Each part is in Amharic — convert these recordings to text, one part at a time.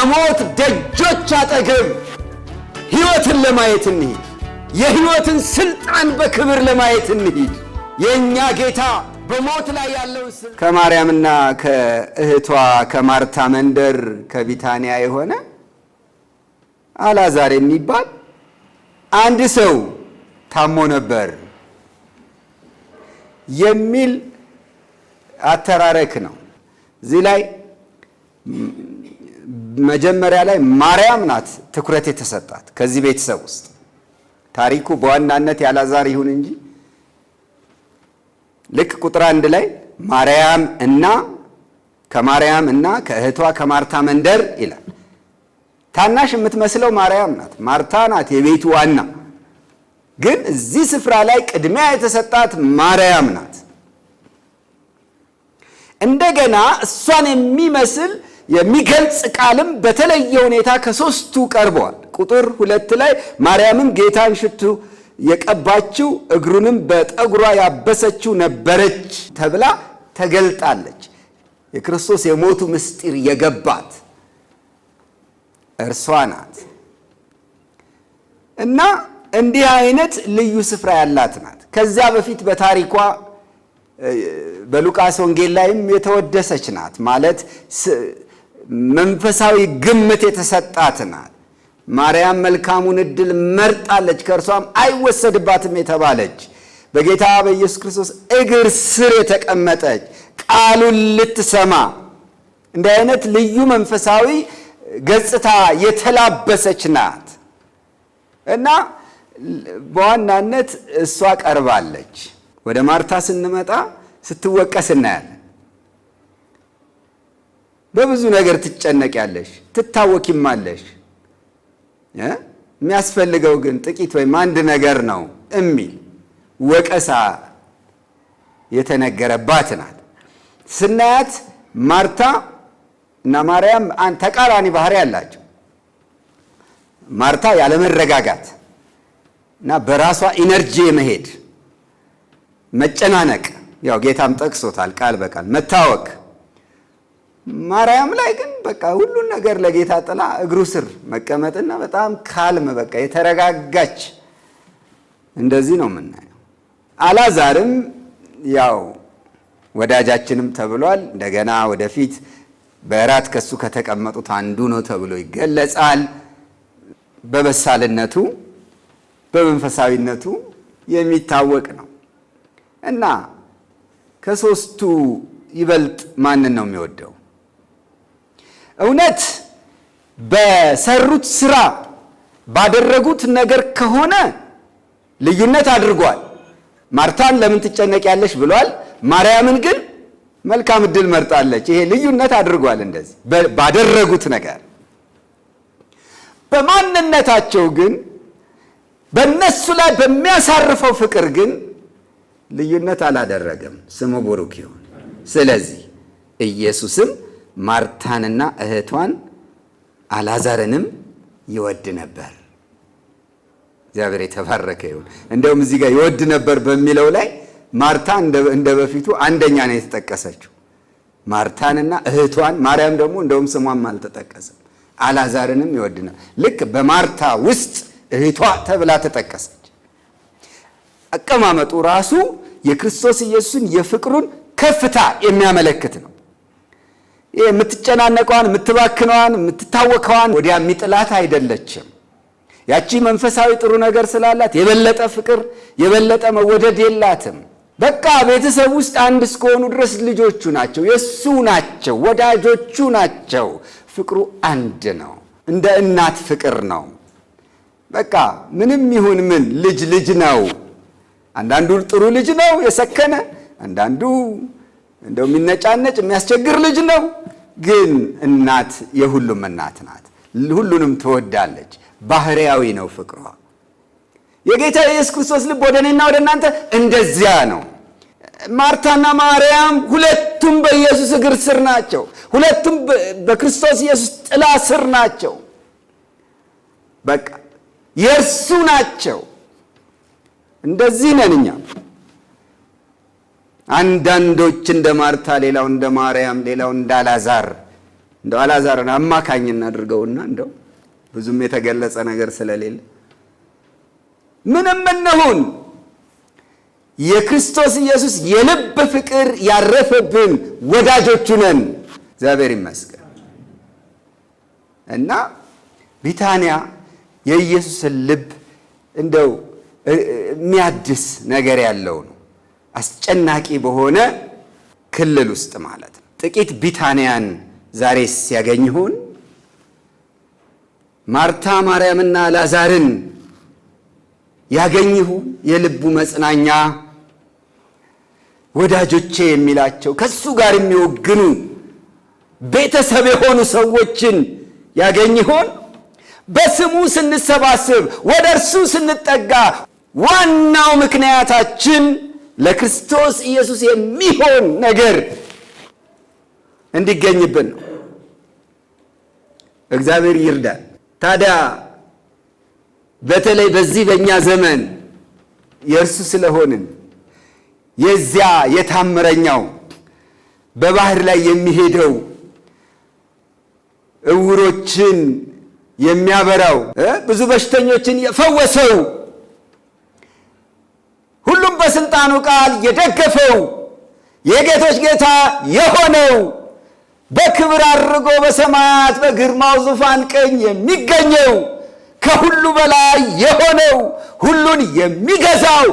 በሞት ደጆች አጠገብ ሕይወትን ለማየት እንሂድ። የሕይወትን ሥልጣን በክብር ለማየት እንሂድ። የእኛ ጌታ በሞት ላይ ያለውን ሥልጣን ከማርያምና ከእህቷ ከማርታ መንደር ከቢታንያ የሆነ አላዛር የሚባል አንድ ሰው ታሞ ነበር የሚል አተራረክ ነው እዚህ ላይ መጀመሪያ ላይ ማርያም ናት ትኩረት የተሰጣት ከዚህ ቤተሰብ ውስጥ። ታሪኩ በዋናነት ያላዛር ይሁን እንጂ ልክ ቁጥር አንድ ላይ ማርያም እና ከማርያም እና ከእህቷ ከማርታ መንደር ይላል። ታናሽ የምትመስለው ማርያም ናት። ማርታ ናት የቤቱ ዋና፣ ግን እዚህ ስፍራ ላይ ቅድሚያ የተሰጣት ማርያም ናት። እንደገና እሷን የሚመስል የሚገልጽ ቃልም በተለየ ሁኔታ ከሶስቱ ቀርበዋል። ቁጥር ሁለት ላይ ማርያምም ጌታን ሽቱ የቀባችው እግሩንም በጠጉሯ ያበሰችው ነበረች ተብላ ተገልጣለች። የክርስቶስ የሞቱ ምስጢር የገባት እርሷ ናት እና እንዲህ አይነት ልዩ ስፍራ ያላት ናት። ከዚያ በፊት በታሪኳ በሉቃስ ወንጌል ላይም የተወደሰች ናት ማለት መንፈሳዊ ግምት የተሰጣት ናት። ማርያም መልካሙን እድል መርጣለች፣ ከእርሷም አይወሰድባትም የተባለች በጌታ በኢየሱስ ክርስቶስ እግር ስር የተቀመጠች ቃሉን ልትሰማ እንዲህ አይነት ልዩ መንፈሳዊ ገጽታ የተላበሰች ናት እና በዋናነት እሷ ቀርባለች። ወደ ማርታ ስንመጣ ስትወቀስ እናያለን። በብዙ ነገር ትጨነቂያለሽ፣ ትታወኪማለሽ። የሚያስፈልገው ግን ጥቂት ወይም አንድ ነገር ነው እሚል ወቀሳ የተነገረባት ናት። ስናያት ማርታ እና ማርያም ተቃራኒ ባህሪ አላቸው። ማርታ ያለመረጋጋት እና በራሷ ኢነርጂ የመሄድ መጨናነቅ፣ ያው ጌታም ጠቅሶታል ቃል በቃል መታወክ ማርያም ላይ ግን በቃ ሁሉን ነገር ለጌታ ጥላ እግሩ ስር መቀመጥና በጣም ካልም በቃ የተረጋጋች እንደዚህ ነው የምናየው። አላዛርም ያው ወዳጃችንም ተብሏል። እንደገና ወደፊት በእራት ከሱ ከተቀመጡት አንዱ ነው ተብሎ ይገለጻል። በበሳልነቱ በመንፈሳዊነቱ የሚታወቅ ነው እና ከሶስቱ ይበልጥ ማንን ነው የሚወደው? እውነት በሰሩት ስራ ባደረጉት ነገር ከሆነ ልዩነት አድርጓል። ማርታን ለምን ትጨነቂያለሽ ብሏል። ማርያምን ግን መልካም እድል መርጣለች። ይሄ ልዩነት አድርጓል። እንደዚህ ባደረጉት ነገር በማንነታቸው ግን በእነሱ ላይ በሚያሳርፈው ፍቅር ግን ልዩነት አላደረገም። ስሙ ቡሩክ ይሁን። ስለዚህ ኢየሱስም ማርታንና እህቷን አላዛርንም ይወድ ነበር። እግዚአብሔር የተባረከ ይሁን። እንደውም እዚህ ጋር ይወድ ነበር በሚለው ላይ ማርታ እንደ በፊቱ አንደኛ ነው የተጠቀሰችው። ማርታንና እህቷን ማርያም ደግሞ እንደውም ስሟም አልተጠቀሰም። አላዛርንም ይወድ ነበር። ልክ በማርታ ውስጥ እህቷ ተብላ ተጠቀሰች። አቀማመጡ ራሱ የክርስቶስ ኢየሱስን የፍቅሩን ከፍታ የሚያመለክት ነው። የምትጨናነቀዋን፣ የምትባክነዋን፣ የምትታወከዋን ወዲያ የሚጥላት አይደለችም። ያቺ መንፈሳዊ ጥሩ ነገር ስላላት የበለጠ ፍቅር የበለጠ መወደድ የላትም። በቃ ቤተሰብ ውስጥ አንድ እስከሆኑ ድረስ ልጆቹ ናቸው፣ የእሱ ናቸው፣ ወዳጆቹ ናቸው። ፍቅሩ አንድ ነው። እንደ እናት ፍቅር ነው። በቃ ምንም ይሁን ምን ልጅ ልጅ ነው። አንዳንዱ ጥሩ ልጅ ነው የሰከነ፣ አንዳንዱ እንደው የሚነጫነጭ የሚያስቸግር ልጅ ነው፣ ግን እናት የሁሉም እናት ናት። ሁሉንም ትወዳለች። ባህሪያዊ ነው ፍቅሯ። የጌታ የኢየሱስ ክርስቶስ ልብ ወደ እኔና ወደ እናንተ እንደዚያ ነው። ማርታና ማርያም ሁለቱም በኢየሱስ እግር ስር ናቸው። ሁለቱም በክርስቶስ ኢየሱስ ጥላ ስር ናቸው። በቃ የእርሱ ናቸው። እንደዚህ ነን እኛ። አንዳንዶች እንደ ማርታ፣ ሌላው እንደ ማርያም፣ ሌላው እንደ አላዛር እንደው አላዛርን አማካኝ እናድርገውና እንደው ብዙም የተገለጸ ነገር ስለሌለ ምንም እንሁን የክርስቶስ ኢየሱስ የልብ ፍቅር ያረፈብን ወዳጆቹ ነን። እግዚአብሔር ይመስገን እና ቢታንያ የኢየሱስን ልብ እንደው የሚያድስ ነገር ያለው ነው። አስጨናቂ በሆነ ክልል ውስጥ ማለት ነው። ጥቂት ቢታንያን ዛሬስ ሲያገኝ ይሆን? ማርታ ማርያምና ላዛርን ያገኝሁ የልቡ መጽናኛ ወዳጆቼ የሚላቸው ከሱ ጋር የሚወግኑ ቤተሰብ የሆኑ ሰዎችን ያገኝ ይሆን? በስሙ ስንሰባስብ፣ ወደ እርሱ ስንጠጋ ዋናው ምክንያታችን ለክርስቶስ ኢየሱስ የሚሆን ነገር እንዲገኝብን ነው። እግዚአብሔር ይርዳል። ታዲያ በተለይ በዚህ በእኛ ዘመን የእርሱ ስለሆንን የዚያ የታምረኛው በባህር ላይ የሚሄደው እውሮችን የሚያበራው ብዙ በሽተኞችን የፈወሰው ሁሉም በስልጣኑ ቃል የደገፈው የጌቶች ጌታ የሆነው በክብር አድርጎ በሰማያት በግርማው ዙፋን ቀኝ የሚገኘው ከሁሉ በላይ የሆነው ሁሉን የሚገዛው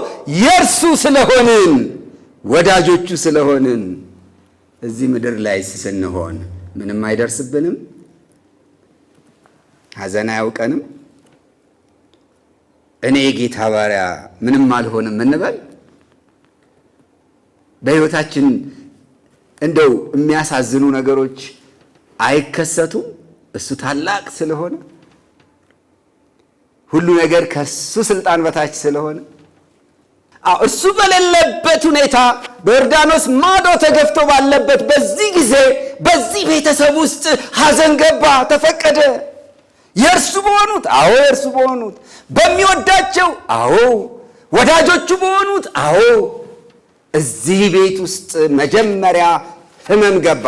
የእርሱ ስለሆንን ወዳጆቹ ስለሆንን እዚህ ምድር ላይ ስንሆን ምንም አይደርስብንም፣ ሐዘን አያውቀንም። እኔ የጌታ ባሪያ ምንም አልሆንም እንበል? በሕይወታችን እንደው የሚያሳዝኑ ነገሮች አይከሰቱም? እሱ ታላቅ ስለሆነ ሁሉ ነገር ከእሱ ስልጣን በታች ስለሆነ እሱ በሌለበት ሁኔታ በዮርዳኖስ ማዶ ተገፍቶ ባለበት በዚህ ጊዜ በዚህ ቤተሰብ ውስጥ ሐዘን ገባ፣ ተፈቀደ። የእርሱ በሆኑት አዎ፣ የእርሱ በሆኑት በሚወዳቸው አዎ፣ ወዳጆቹ በሆኑት አዎ። እዚህ ቤት ውስጥ መጀመሪያ ህመም ገባ።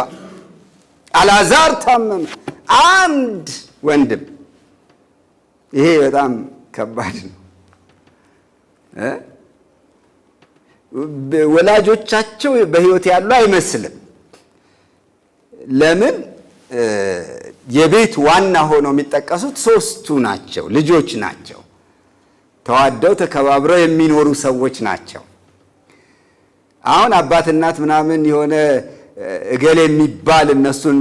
አላዛር ታመመ፣ አንድ ወንድም። ይሄ በጣም ከባድ ነው። ወላጆቻቸው በህይወት ያሉ አይመስልም። ለምን የቤት ዋና ሆነው የሚጠቀሱት ሶስቱ ናቸው። ልጆች ናቸው። ተዋደው ተከባብረው የሚኖሩ ሰዎች ናቸው። አሁን አባት እናት ምናምን የሆነ እገሌ የሚባል እነሱን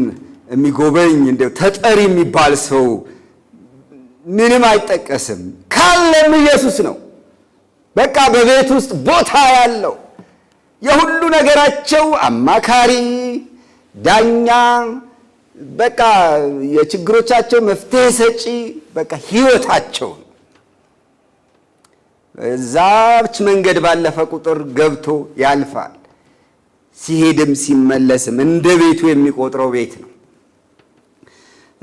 የሚጎበኝ እንደው ተጠሪ የሚባል ሰው ምንም አይጠቀስም። ካለም ኢየሱስ ነው። በቃ በቤት ውስጥ ቦታ ያለው የሁሉ ነገራቸው አማካሪ፣ ዳኛ በቃ የችግሮቻቸው መፍትሄ ሰጪ በቃ ህይወታቸውን እዛች መንገድ ባለፈ ቁጥር ገብቶ ያልፋል። ሲሄድም ሲመለስም እንደ ቤቱ የሚቆጥረው ቤት ነው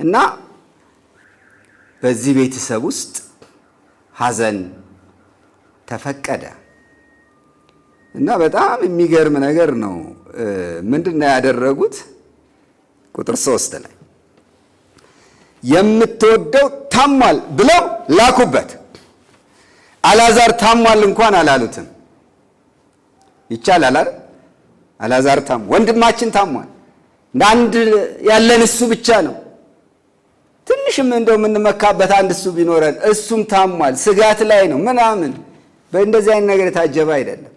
እና በዚህ ቤተሰብ ውስጥ ሐዘን ተፈቀደ እና በጣም የሚገርም ነገር ነው። ምንድን ነው ያደረጉት? ቁጥር ሶስት ላይ የምትወደው ታሟል ብለው ላኩበት። አላዛር ታሟል እንኳን አላሉትም። ይቻላል አይደል? አላዛር ታሟል፣ ወንድማችን ታሟል። እንደ አንድ ያለን እሱ ብቻ ነው። ትንሽም እንደው የምንመካበት አንድ እሱ ቢኖረን፣ እሱም ታሟል፣ ስጋት ላይ ነው ምናምን። በእንደዚህ አይነት ነገር የታጀበ አይደለም።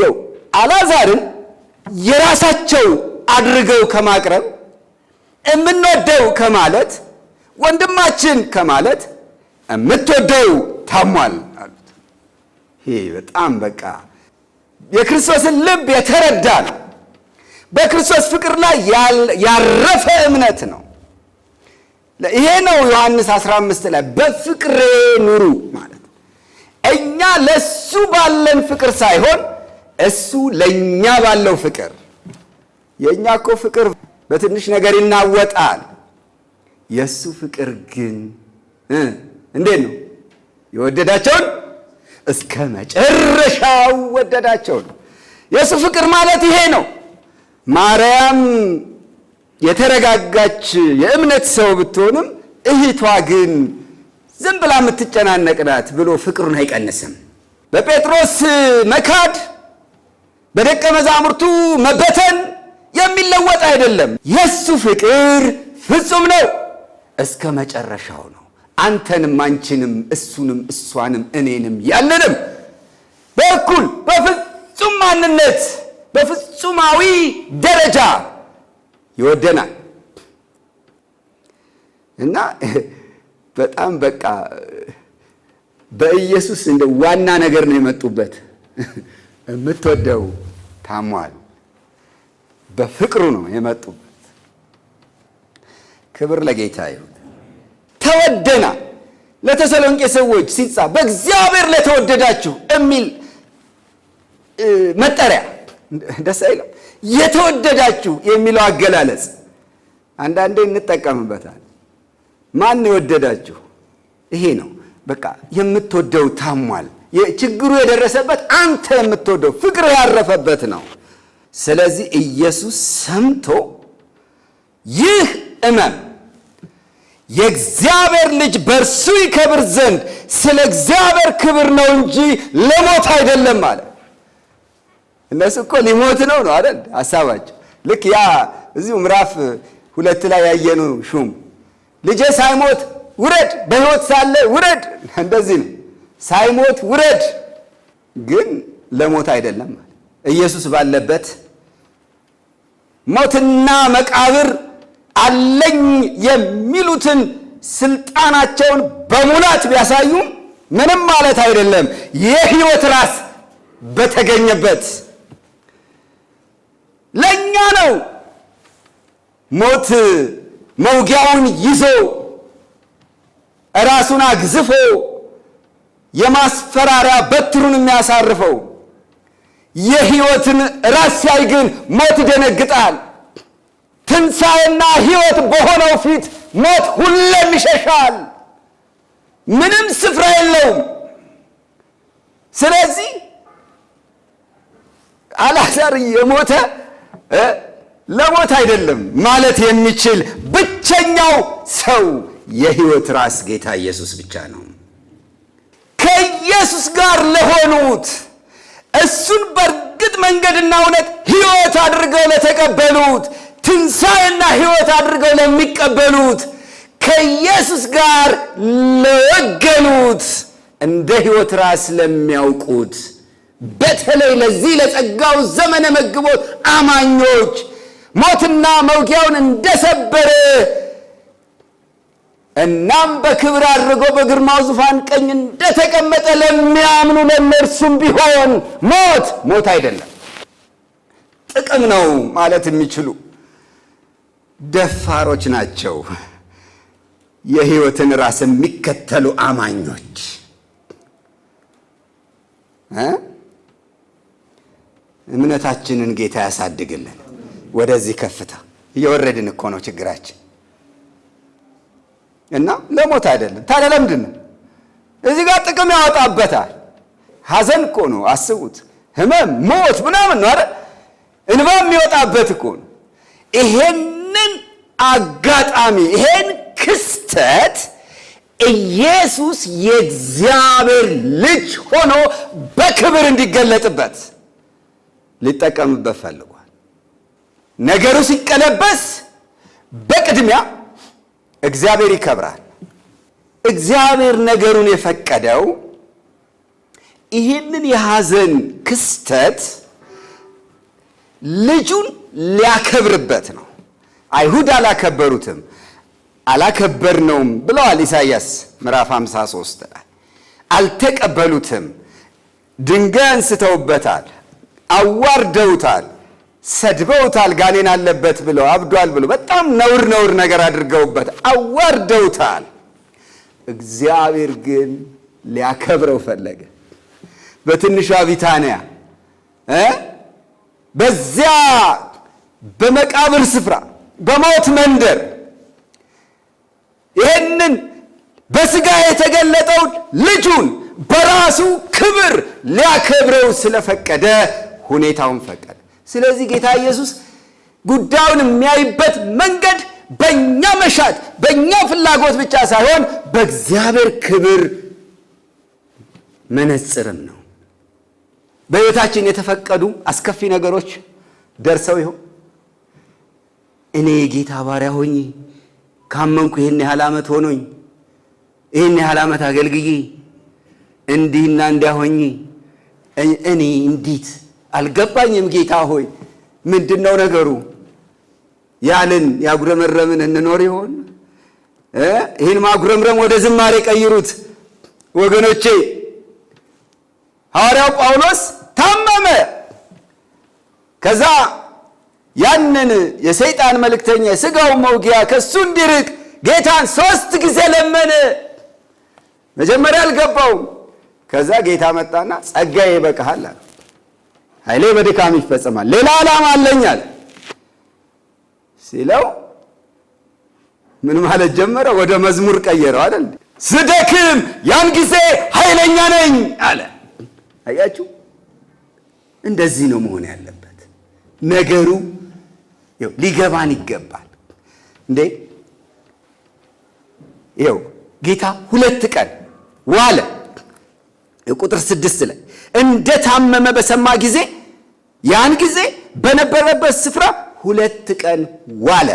ይኸው አላዛርን የራሳቸው አድርገው ከማቅረብ የምንወደው ከማለት ወንድማችን ከማለት የምትወደው ታሟል አሉት። ይሄ በጣም በቃ የክርስቶስን ልብ የተረዳ ነው። በክርስቶስ ፍቅር ላይ ያረፈ እምነት ነው። ይሄ ነው ዮሐንስ 15 ላይ በፍቅሬ ኑሩ ማለት እኛ ለሱ ባለን ፍቅር ሳይሆን እሱ ለእኛ ባለው ፍቅር የእኛ እኮ ፍቅር በትንሽ ነገር ይናወጣል። የእሱ ፍቅር ግን እንዴት ነው? የወደዳቸውን እስከ መጨረሻው ወደዳቸው ነው። የእሱ ፍቅር ማለት ይሄ ነው። ማርያም የተረጋጋች የእምነት ሰው ብትሆንም እህቷ ግን ዝም ብላ የምትጨናነቅ ናት ብሎ ፍቅሩን አይቀንስም። በጴጥሮስ መካድ፣ በደቀ መዛሙርቱ መበተን የሚለወጥ አይደለም። የእሱ ፍቅር ፍጹም ነው፣ እስከ መጨረሻው ነው። አንተንም አንቺንም እሱንም እሷንም እኔንም ያለንም በእኩል በፍጹም ማንነት በፍጹማዊ ደረጃ ይወደናል እና በጣም በቃ በኢየሱስ እንደ ዋና ነገር ነው የመጡበት። የምትወደው ታሟል በፍቅሩ ነው የመጡበት። ክብር ለጌታ ይሁን። ተወደና ለተሰሎንቄ ሰዎች ሲጻ በእግዚአብሔር ለተወደዳችሁ የሚል መጠሪያ ደስ አይለም። የተወደዳችሁ የሚለው አገላለጽ አንዳንዴ እንጠቀምበታል። ማን የወደዳችሁ? ይሄ ነው በቃ የምትወደው ታሟል። ችግሩ የደረሰበት አንተ የምትወደው ፍቅር ያረፈበት ነው። ስለዚህ ኢየሱስ ሰምቶ ይህ እመም የእግዚአብሔር ልጅ በእርሱ ይከብር ዘንድ ስለ እግዚአብሔር ክብር ነው እንጂ ለሞት አይደለም አለ። እነሱ እኮ ሊሞት ነው ነው አይደል ሀሳባቸው። ልክ ያ እዚሁ ምራፍ ሁለት ላይ ያየኑ ሹም ልጄ ሳይሞት ውረድ፣ በሕይወት ሳለ ውረድ፣ እንደዚህ ነው ሳይሞት ውረድ፣ ግን ለሞት አይደለም ኢየሱስ ባለበት ሞትና መቃብር አለኝ የሚሉትን ስልጣናቸውን በሙላት ቢያሳዩም ምንም ማለት አይደለም። የሕይወት ራስ በተገኘበት ለእኛ ነው ሞት መውጊያውን ይዞ ራሱን አግዝፎ የማስፈራሪያ በትሩን የሚያሳርፈው። የህይወትን ራስ ሲያይ ግን ሞት ይደነግጣል። ትንሣኤና ህይወት በሆነው ፊት ሞት ሁሌም ይሸሻል፣ ምንም ስፍራ የለውም። ስለዚህ አላዛር የሞተ ለሞት አይደለም ማለት የሚችል ብቸኛው ሰው የህይወት ራስ ጌታ ኢየሱስ ብቻ ነው። ከኢየሱስ ጋር ለሆኑት እሱን በእርግጥ መንገድና እውነት ሕይወት አድርገው ለተቀበሉት ትንሣኤና ሕይወት አድርገው ለሚቀበሉት ከኢየሱስ ጋር ለወገኑት እንደ ሕይወት ራስ ለሚያውቁት በተለይ ለዚህ ለጸጋው ዘመነ መግቦት አማኞች ሞትና መውጊያውን እንደሰበረ እናም በክብር አድርጎ በግርማው ዙፋን ቀኝ እንደተቀመጠ ለሚያምኑ ለእነርሱም ቢሆን ሞት ሞት አይደለም፣ ጥቅም ነው ማለት የሚችሉ ደፋሮች ናቸው። የህይወትን ራስ የሚከተሉ አማኞች እምነታችንን ጌታ ያሳድግልን። ወደዚህ ከፍታ እየወረድን እኮ ነው ችግራችን። እና ለሞት አይደለም። ታዲያ ለምንድን ነው እዚህ ጋር ጥቅም ያወጣበታል? ሐዘን እኮ ነው አስቡት፣ ህመም፣ ሞት ምናምን ነው አይደል? እንባ የሚወጣበት እኮ ነው። ይሄንን አጋጣሚ ይሄን ክስተት ኢየሱስ የእግዚአብሔር ልጅ ሆኖ በክብር እንዲገለጥበት ሊጠቀምበት ፈልጓል። ነገሩ ሲቀለበስ በቅድሚያ እግዚአብሔር ይከብራል። እግዚአብሔር ነገሩን የፈቀደው ይህንን የሐዘን ክስተት ልጁን ሊያከብርበት ነው። አይሁድ አላከበሩትም፣ አላከበርነውም ብለዋል። ኢሳይያስ ምዕራፍ 53 ላይ አልተቀበሉትም፣ ድንጋይ አንስተውበታል፣ አዋርደውታል። ሰድበውታል። ጋኔን አለበት ብለው አብዷል ብሎ በጣም ነውር ነውር ነገር አድርገውበት አዋርደውታል። እግዚአብሔር ግን ሊያከብረው ፈለገ። በትንሿ ቢታንያ በዚያ በመቃብር ስፍራ በሞት መንደር ይህንን በስጋ የተገለጠውን ልጁን በራሱ ክብር ሊያከብረው ስለፈቀደ ሁኔታውን ፈቀደ። ስለዚህ ጌታ ኢየሱስ ጉዳዩን የሚያይበት መንገድ በእኛ መሻት በእኛ ፍላጎት ብቻ ሳይሆን በእግዚአብሔር ክብር መነጽርም ነው። በሕይወታችን የተፈቀዱ አስከፊ ነገሮች ደርሰው ይሆን? እኔ የጌታ ባሪያ ሆኝ ካመንኩ ይህን ያህል ዓመት ሆኖኝ ይህን ያህል ዓመት አገልግዬ እንዲህና እንዲያ ሆኜ እኔ እንዲት አልገባኝም ጌታ ሆይ ምንድን ነው ነገሩ ያልን ያጉረመረምን እንኖር ይሆን? ይህን ማጉረምረም ወደ ዝማሬ ቀይሩት ወገኖቼ። ሐዋርያው ጳውሎስ ታመመ። ከዛ ያንን የሰይጣን መልእክተኛ ስጋውን መውጊያ ከእሱ እንዲርቅ ጌታን ሶስት ጊዜ ለመነ። መጀመሪያ አልገባውም። ከዛ ጌታ መጣና ጸጋዬ ይበቃሃል አለ ኃይሌ በድካም ይፈጸማል፣ ሌላ ዓላማ አለኛል ሲለው ምን ማለት ጀመረ? ወደ መዝሙር ቀየረው አይደል? ስደክም ያን ጊዜ ኃይለኛ ነኝ አለ። አያችሁ፣ እንደዚህ ነው መሆን ያለበት ነገሩ። ሊገባን ይገባል እንዴ። ይኸው ጌታ ሁለት ቀን ዋለ። ቁጥር ስድስት ላይ እንደታመመ በሰማ ጊዜ ያን ጊዜ በነበረበት ስፍራ ሁለት ቀን ዋለ።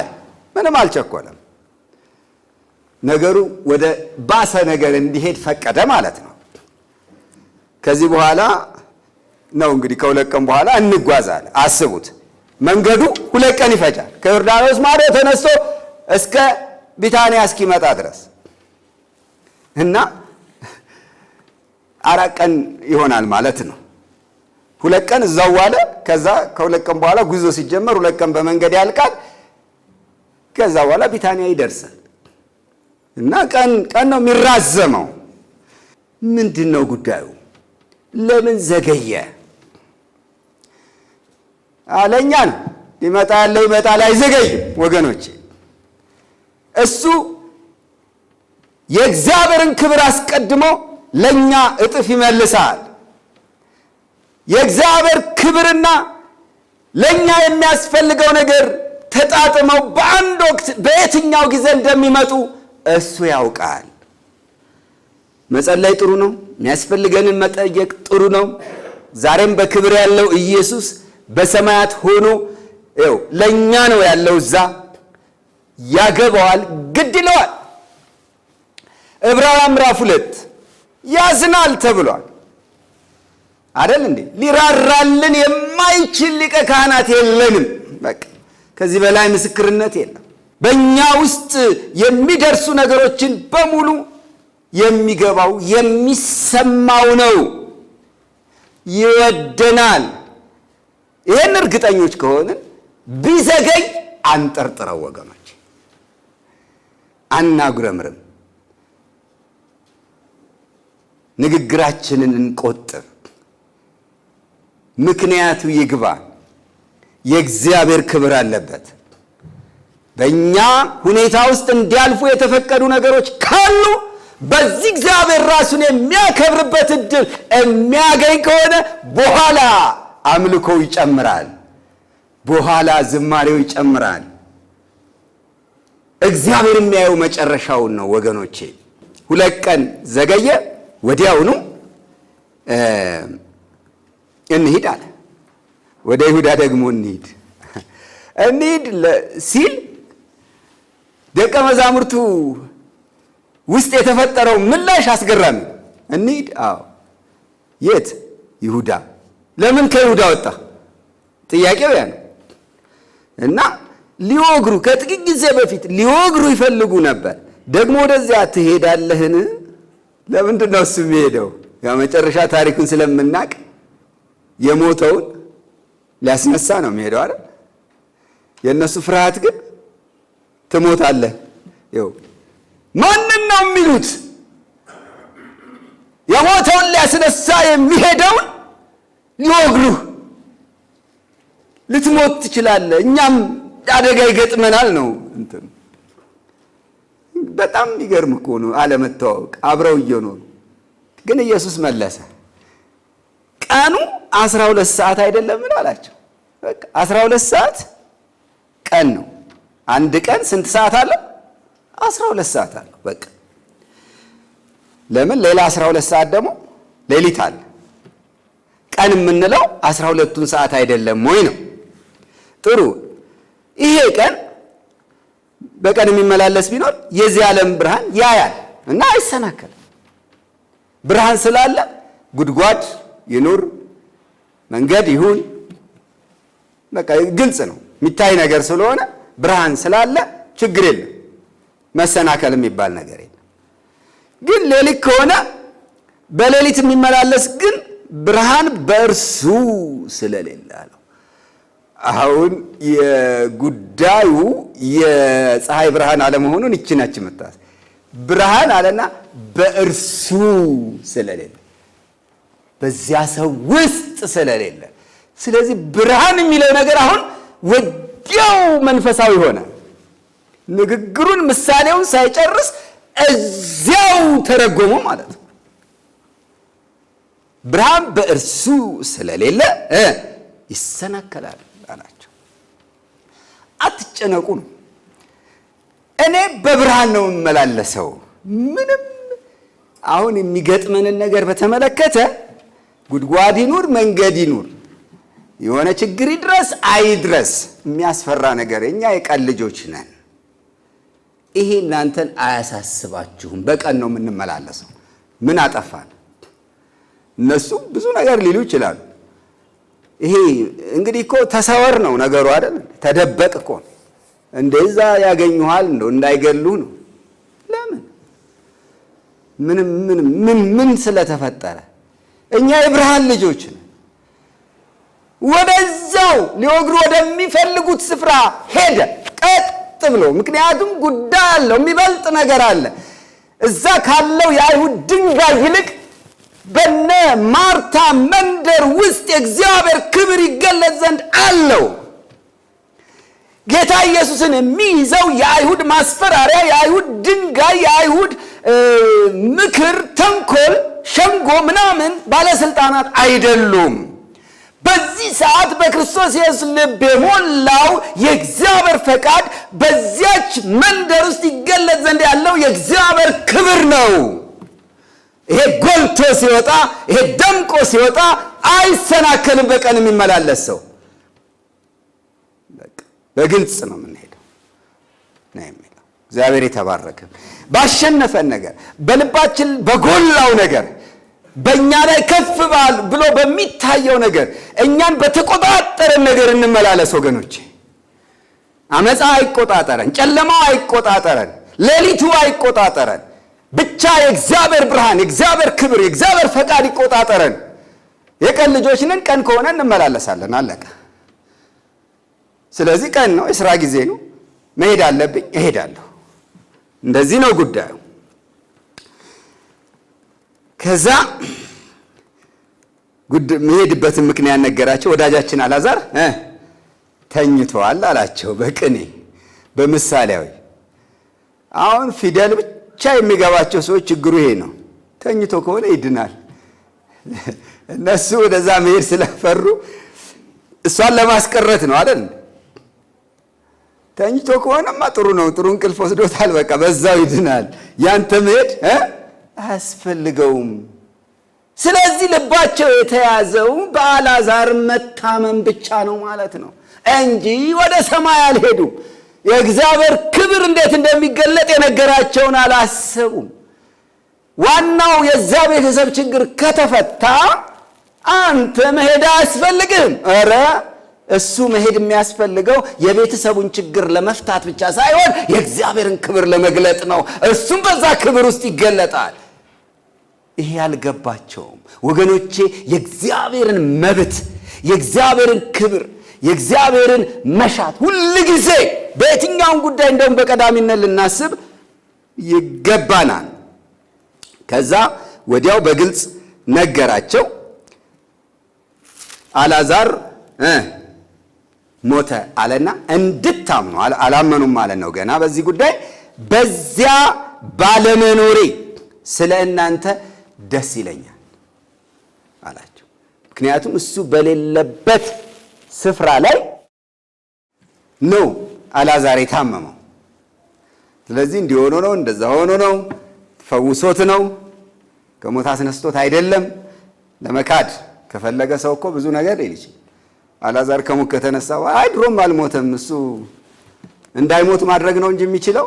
ምንም አልቸኮለም። ነገሩ ወደ ባሰ ነገር እንዲሄድ ፈቀደ ማለት ነው። ከዚህ በኋላ ነው እንግዲህ ከሁለት ቀን በኋላ እንጓዛል። አስቡት፣ መንገዱ ሁለት ቀን ይፈጃል። ከዮርዳኖስ ማዶ ተነስቶ እስከ ቢታንያ እስኪመጣ ድረስ እና አራት ቀን ይሆናል ማለት ነው። ሁለት ቀን እዛው ዋለ። ከዛ ከሁለት ቀን በኋላ ጉዞ ሲጀመር ሁለት ቀን በመንገድ ያልቃል። ከዛ በኋላ ቢታንያ ይደርሳል እና ቀን ቀን ነው የሚራዘመው። ምንድን ነው ጉዳዩ? ለምን ዘገየ? አለኛ ነው ሊመጣ ያለ ይመጣል፣ አይዘገይም እሱ የእግዚአብሔርን ክብር አስቀድሞ ለእኛ እጥፍ ይመልሳል። የእግዚአብሔር ክብርና ለእኛ የሚያስፈልገው ነገር ተጣጥመው በአንድ ወቅት በየትኛው ጊዜ እንደሚመጡ እሱ ያውቃል። መጸለይ ጥሩ ነው። የሚያስፈልገንን መጠየቅ ጥሩ ነው። ዛሬም በክብር ያለው ኢየሱስ በሰማያት ሆኖ ው ለእኛ ነው ያለው። እዛ ያገባዋል፣ ግድ ይለዋል። ዕብራውያን ምዕራፍ ሁለት ያዝናል ተብሏል። አደል እንዴ? ሊራራልን የማይችል ሊቀ ካህናት የለንም። በቃ ከዚህ በላይ ምስክርነት የለም። በእኛ ውስጥ የሚደርሱ ነገሮችን በሙሉ የሚገባው የሚሰማው ነው። ይወደናል። ይህን እርግጠኞች ከሆንን ቢዘገይ አንጠርጥረው፣ ወገኖች አናጉረምርም። ንግግራችንን እንቆጥር። ምክንያቱ ይግባ። የእግዚአብሔር ክብር አለበት። በእኛ ሁኔታ ውስጥ እንዲያልፉ የተፈቀዱ ነገሮች ካሉ በዚህ እግዚአብሔር ራሱን የሚያከብርበት እድል የሚያገኝ ከሆነ በኋላ አምልኮው ይጨምራል፣ በኋላ ዝማሬው ይጨምራል። እግዚአብሔር የሚያየው መጨረሻውን ነው ወገኖቼ። ሁለት ቀን ዘገየ፣ ወዲያውኑ እንሂድ አለ። ወደ ይሁዳ ደግሞ እንሂድ እንሂድ ሲል ደቀ መዛሙርቱ ውስጥ የተፈጠረው ምላሽ አስገራሚ። እንሂድ? አዎ። የት? ይሁዳ። ለምን ከይሁዳ ወጣ? ጥያቄው ያ ነው። እና ሊወግሩ ከጥቂት ጊዜ በፊት ሊወግሩ ይፈልጉ ነበር። ደግሞ ወደዚያ ትሄዳለህን? ለምንድን ነው እሱ የሚሄደው? ያው መጨረሻ ታሪኩን ስለምናቅ የሞተውን ሊያስነሳ ነው የሚሄደው አይደል? የእነሱ ፍርሃት ግን ትሞታለህ። ይኸው ማንን ነው የሚሉት? የሞተውን ሊያስነሳ የሚሄደውን ሊወግሉ ልትሞት ትችላለህ፣ እኛም አደጋ ይገጥመናል ነው እንትን በጣም የሚገርም እኮ ነው አለመተዋወቅ። አብረው እየኖሩ ግን ኢየሱስ መለሰ። ቀኑ አስራ ሁለት ሰዓት አይደለም ምን አላቸው። በቃ አስራ ሁለት ሰዓት ቀን ነው። አንድ ቀን ስንት ሰዓት አለው? አስራ ሁለት ሰዓት አለው። በቃ ለምን ሌላ አስራ ሁለት ሰዓት ደግሞ ሌሊት አለ። ቀን የምንለው አስራ ሁለቱን ሰዓት አይደለም ወይ ነው? ጥሩ ይሄ ቀን በቀን የሚመላለስ ቢኖር የዚህ ዓለም ብርሃን ያያል እና አይሰናከልም። ብርሃን ስላለ ጉድጓድ ይኑር መንገድ ይሁን በቃ ግልጽ ነው የሚታይ ነገር ስለሆነ ብርሃን ስላለ ችግር የለም፣ መሰናከል የሚባል ነገር የለም። ግን ሌሊት ከሆነ በሌሊት የሚመላለስ ግን ብርሃን በእርሱ ስለሌለ አለው። አሁን የጉዳዩ የፀሐይ ብርሃን አለመሆኑን ይችናች መጣ ብርሃን አለና በእርሱ ስለሌለ በዚያ ሰው ውስጥ ስለሌለ፣ ስለዚህ ብርሃን የሚለው ነገር አሁን ወዲያው መንፈሳዊ ሆነ። ንግግሩን ምሳሌውን ሳይጨርስ እዚያው ተረጎሙ ማለት ነው። ብርሃን በእርሱ ስለሌለ ይሰናከላል አላቸው። አትጨነቁ ነው። እኔ በብርሃን ነው የምመላለሰው። ምንም አሁን የሚገጥመንን ነገር በተመለከተ ጉድጓድ ይኑር መንገድ ይኑር የሆነ ችግር ይድረስ አይድረስ የሚያስፈራ ነገር እኛ የቀን ልጆች ነን። ይሄ እናንተን አያሳስባችሁም። በቀን ነው የምንመላለሰው። ምን አጠፋን? እነሱ ብዙ ነገር ሊሉ ይችላሉ። ይሄ እንግዲህ እኮ ተሰወር ነው ነገሩ አይደል? ተደበቅ እኮ እንደዛ ያገኙሃል እንደው እንዳይገሉ ነው። ለምን ምንም ምን ምን ስለተፈጠረ እኛ የብርሃን ልጆች ነን። ወደዛው ሊወግሩ ወደሚፈልጉት ስፍራ ሄደ ቀጥ ብሎ። ምክንያቱም ጉዳይ አለው፣ የሚበልጥ ነገር አለ። እዛ ካለው የአይሁድ ድንጋይ ይልቅ በነ ማርታ መንደር ውስጥ የእግዚአብሔር ክብር ይገለጽ ዘንድ አለው። ጌታ ኢየሱስን የሚይዘው የአይሁድ ማስፈራሪያ፣ የአይሁድ ድንጋይ፣ የአይሁድ ምክር፣ ተንኮል ሸንጎ ምናምን ባለስልጣናት አይደሉም። በዚህ ሰዓት በክርስቶስ ኢየሱስ ልብ የሞላው የእግዚአብሔር ፈቃድ በዚያች መንደር ውስጥ ይገለጥ ዘንድ ያለው የእግዚአብሔር ክብር ነው። ይሄ ጎልቶ ሲወጣ፣ ይሄ ደምቆ ሲወጣ አይሰናከልም። በቀን የሚመላለስ ሰው በግልጽ ነው የምንሄደው እግዚአብሔር የተባረከ ባሸነፈን ነገር በልባችን በጎላው ነገር በእኛ ላይ ከፍ ባል ብሎ በሚታየው ነገር እኛን በተቆጣጠረን ነገር እንመላለስ ወገኖች አመፃ አይቆጣጠረን፣ ጨለማው አይቆጣጠረን፣ ሌሊቱ አይቆጣጠረን። ብቻ የእግዚአብሔር ብርሃን፣ የእግዚአብሔር ክብር፣ የእግዚአብሔር ፈቃድ ይቆጣጠረን። የቀን ልጆች ነን። ቀን ከሆነ እንመላለሳለን። አለቀ። ስለዚህ ቀን ነው፣ የስራ ጊዜ ነው፣ መሄድ አለብኝ፣ እሄዳለሁ። እንደዚህ ነው ጉዳዩ። ከዛ መሄድበትን ምክንያት ነገራቸው። ወዳጃችን አላዛር ተኝቷል አላቸው በቅኔ በምሳሌያዊ። አሁን ፊደል ብቻ የሚገባቸው ሰዎች ችግሩ ይሄ ነው። ተኝቶ ከሆነ ይድናል። እነሱ ወደዛ መሄድ ስለፈሩ እሷን ለማስቀረት ነው አይደል? ተኝቶ ከሆነማ ጥሩ ነው። ጥሩ እንቅልፍ ወስዶታል። በቃ በዛው ይድናል። ያንተ መሄድ አያስፈልገውም። ስለዚህ ልባቸው የተያዘው በአላዛር መታመን ብቻ ነው ማለት ነው እንጂ ወደ ሰማይ አልሄዱም። የእግዚአብሔር ክብር እንዴት እንደሚገለጥ የነገራቸውን አላሰቡም። ዋናው የዛ ቤተሰብ ችግር ከተፈታ አንተ መሄድ አያስፈልግም። ኧረ እሱ መሄድ የሚያስፈልገው የቤተሰቡን ችግር ለመፍታት ብቻ ሳይሆን የእግዚአብሔርን ክብር ለመግለጥ ነው። እሱም በዛ ክብር ውስጥ ይገለጣል። ይሄ አልገባቸውም ወገኖቼ። የእግዚአብሔርን መብት፣ የእግዚአብሔርን ክብር፣ የእግዚአብሔርን መሻት ሁል ጊዜ በየትኛውን ጉዳይ እንደውም በቀዳሚነት ልናስብ ይገባናል። ከዛ ወዲያው በግልጽ ነገራቸው አላዛር ሞተ አለና እንድታምኑ አላመኑም ማለት ነው። ገና በዚህ ጉዳይ በዚያ ባለመኖሬ ስለ እናንተ ደስ ይለኛል አላቸው። ምክንያቱም እሱ በሌለበት ስፍራ ላይ ነው አላዛሬ የታመመው። ስለዚህ እንዲህ ሆኖ ነው እንደዛ ሆኖ ነው ፈውሶት ነው ከሞት አስነስቶት አይደለም። ለመካድ ከፈለገ ሰው እኮ ብዙ ነገር ይችላል። አላዛር ከሙት ከተነሳ አይ ድሮም አልሞተም እሱ እንዳይሞት ማድረግ ነው እንጂ የሚችለው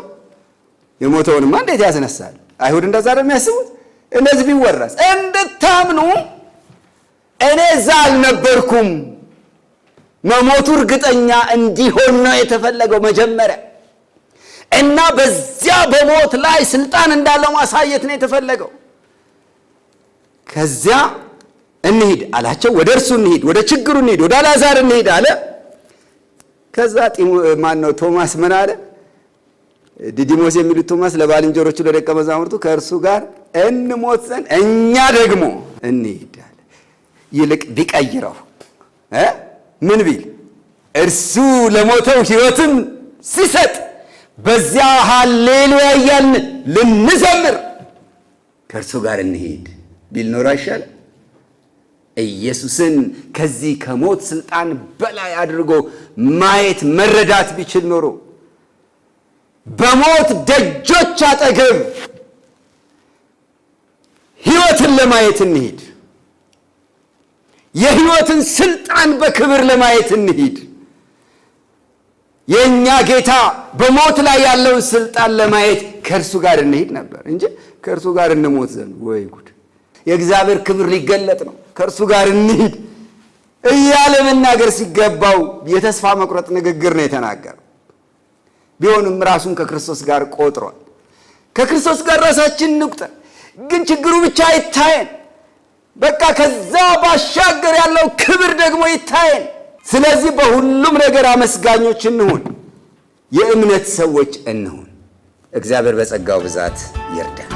የሞተውንማ እንዴት ያስነሳል? አይሁድ እንደዛ ነው የሚያስቡት። እነዚህ ቢወረስ እንድታምኑ እኔ እዛ አልነበርኩም፣ መሞቱ እርግጠኛ እንዲሆን ነው የተፈለገው መጀመሪያ እና በዚያ በሞት ላይ ስልጣን እንዳለው ማሳየት ነው የተፈለገው ከዚያ እንሂድ አላቸው። ወደ እርሱ እንሂድ፣ ወደ ችግሩ እንሂድ፣ ወደ አላዛር እንሂድ አለ። ከዛ ማን ነው ቶማስ ምን አለ? ዲዲሞስ የሚሉት ቶማስ ለባልንጀሮቹ ለደቀ መዛሙርቱ ከእርሱ ጋር እንሞት ዘንድ እኛ ደግሞ እንሂድ አለ። ይልቅ ቢቀይረው ምን ቢል እርሱ ለሞተው ሕይወትን ሲሰጥ በዚያ ሃሌሉያ እያልን ልንዘምር ከእርሱ ጋር እንሂድ ቢል ኖሮ አይሻልም? ኢየሱስን ከዚህ ከሞት ስልጣን በላይ አድርጎ ማየት መረዳት ቢችል ኖሮ በሞት ደጆች አጠገብ ሕይወትን ለማየት እንሂድ። የሕይወትን ስልጣን በክብር ለማየት እንሂድ። የእኛ ጌታ በሞት ላይ ያለውን ስልጣን ለማየት ከእርሱ ጋር እንሂድ ነበር እንጂ ከእርሱ ጋር እንሞት ዘንድ ወይ ጉድ! የእግዚአብሔር ክብር ሊገለጥ ነው። ከእርሱ ጋር እንሂድ እያለ መናገር ሲገባው የተስፋ መቁረጥ ንግግር ነው የተናገረው። ቢሆንም ራሱን ከክርስቶስ ጋር ቆጥሯል። ከክርስቶስ ጋር ራሳችን እንቁጠር፣ ግን ችግሩ ብቻ አይታየን። በቃ ከዛ ባሻገር ያለው ክብር ደግሞ ይታየን። ስለዚህ በሁሉም ነገር አመስጋኞች እንሁን፣ የእምነት ሰዎች እንሁን። እግዚአብሔር በጸጋው ብዛት ይርዳል።